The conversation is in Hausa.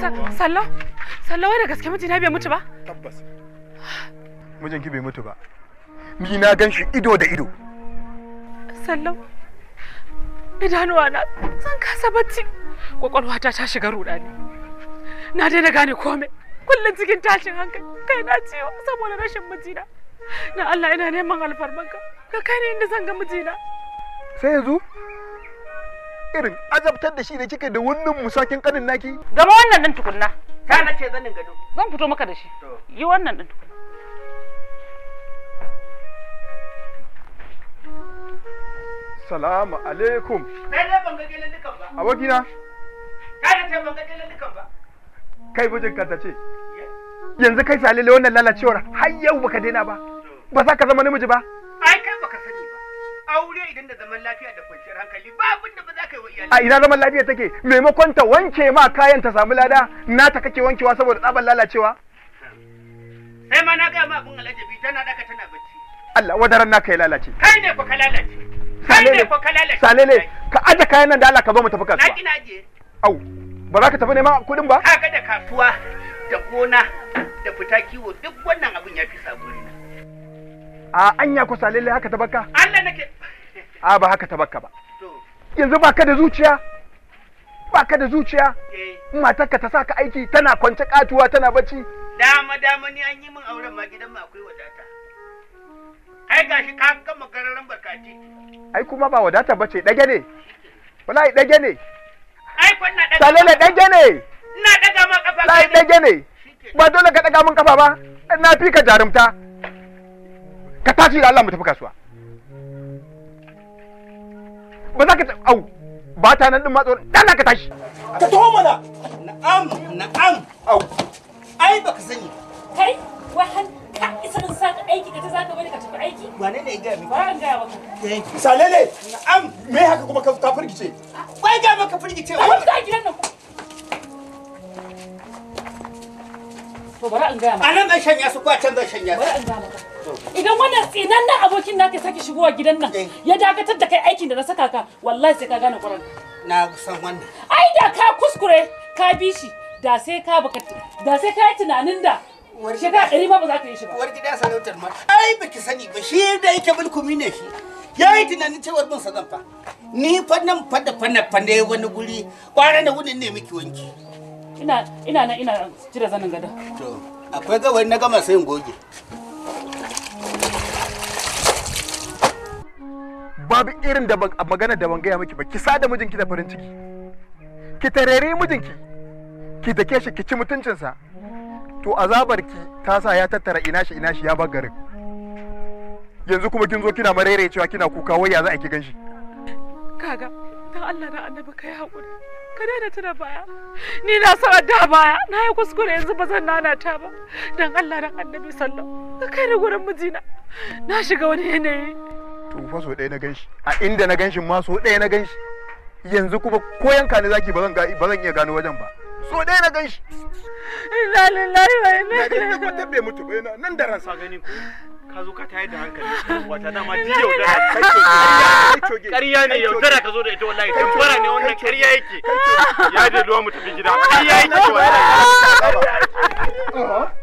Sallo, Sallo wai da gaske na bai mutu ba? Tabbas. Mijinki bai mutu ba. Miji na gan shi ido da ido. Sallo, idanuwa na zan kasa bacci. Kwakwalwata ta shiga rudani. Na daina gane komai. Kullum cikin tashin hankali. Kai na ciwo saboda rashin mijina. Na Allah ina neman alfarmanka. Ka kai ni inda zan ga mijina. Sai yanzu? irin azabtar da shi da kike da wannan musakin kanin naki gama wannan din tukunna ka na ce zanin gado zan fito maka da shi yi wannan din tukunna salamu alaikum sai dai ban ga gele dukan ba abokina ka na ce ban ga gele dukan ba kai bujin ka ta ce yanzu kai salile wannan lalacewar har yau baka daina ba ba za ka zama namiji ba aure idan da zaman lafiya da kwanciyar hankali ba abin da ba za ka yi wa iyali. A ina zaman lafiya take maimakon ta wanke ma kayan ta samu lada na ta kake wankewa saboda tsaban lalacewa. Sai ma na gaya ma abin alajabi tana daka tana bacci. Allah wadaran naka ya lalace. Kai ne fa ka lalace. Kai ne fa ka lalace. Salele ka aje kayan nan da Allah ka zo mu tafi kasuwa. Na kina aje. Au ba za ka tafi neman kuɗin ba? Ka da kasuwa da gona da fita kiwo duk wannan abin ya fi sabo A anya ko salele haka ta baka? Allah a ba haka ta baka ba yanzu baka da zuciya baka da zuciya eh. matarka ta saka aiki tana kwance katuwa tana bacci dama dama ni an yi min auren ma gidan mu akwai wadata ai gashi ka kama gararan barkati ai kuma ba wadata bace dage ne wallahi dage ne ai kun na dage salele dage ne ina daga ma kafa wallahi dage ne ba dole ka daga min kafa ba na fi ka jarumta ka tashi da Allah mu tafi kasuwa ba za ka au ba ta nan din ma tsoron dan ka tashi ka taho mana na'am na'am au ai baka sani kai wai har ka isa nan sa aiki ka ta za ka bari ka tafi aiki wane ne ga mi ba ga maka thank you salele na'am me haka kuma ka ka furgice wai ga maka furgice wai ka gidan nan to bara an ga maka anan dan shanya su ko a can zan shanya bari an ga maka idan wannan tsinannen abokin naka sake shigowa gidan nan eh. ya dakatar da kai aikin da na saka ka wallahi sai ka gane kuran na san wannan ai da ka kuskure ka bi shi da sai ka baka da sai ka yi tunanin da shiga ɗari ma ba za ka yi shi ba uwar gida sarautar ma ai baki sani ba shi da yake mulkumi ne shi ya yi tunanin cewar bin sa zan fa ni fa nan fa da fa fa ne wani guri kwara da wunin ne miki wanki ina ina na ina cire zanin gada to akwai gawayi na gama sai in goge babu irin da magana da ban gaya miki ba ki sada mijinki da farin ciki ki tarere mijinki ki dake shi ki ci mutuncinsa to azabar ki ta sa ya tattara ina shi ina shi ya bar garin yanzu kuma kin zo kina marere cewa kina kuka wai ya za a ki ganshi kaga dan Allah na annabi kai hakuri ka daina tuna baya ni na sa da baya na yi kuskure yanzu ba zan nana ta ba dan Allah dan annabi sallallahu ka kai ni gurin mijina na shiga wani yanayi tufa so ɗaya na ganshi a inda na ganshi ma so ɗaya na ganshi yanzu kuma ko yanka ne zaki ba zan ba zan iya gano wajen ba so ɗaya na ganshi la lillahi wa inna ilaihi raji'un mutum bai mutu ba yana nan da ransa gani ko ka zo ka tayar da hankali wata dama ji yaudara ƙarya ne yau tara ka zo da ita wallahi tambara ne wannan ƙarya yake ya je ruwa mu tafi gida ƙarya yake wallahi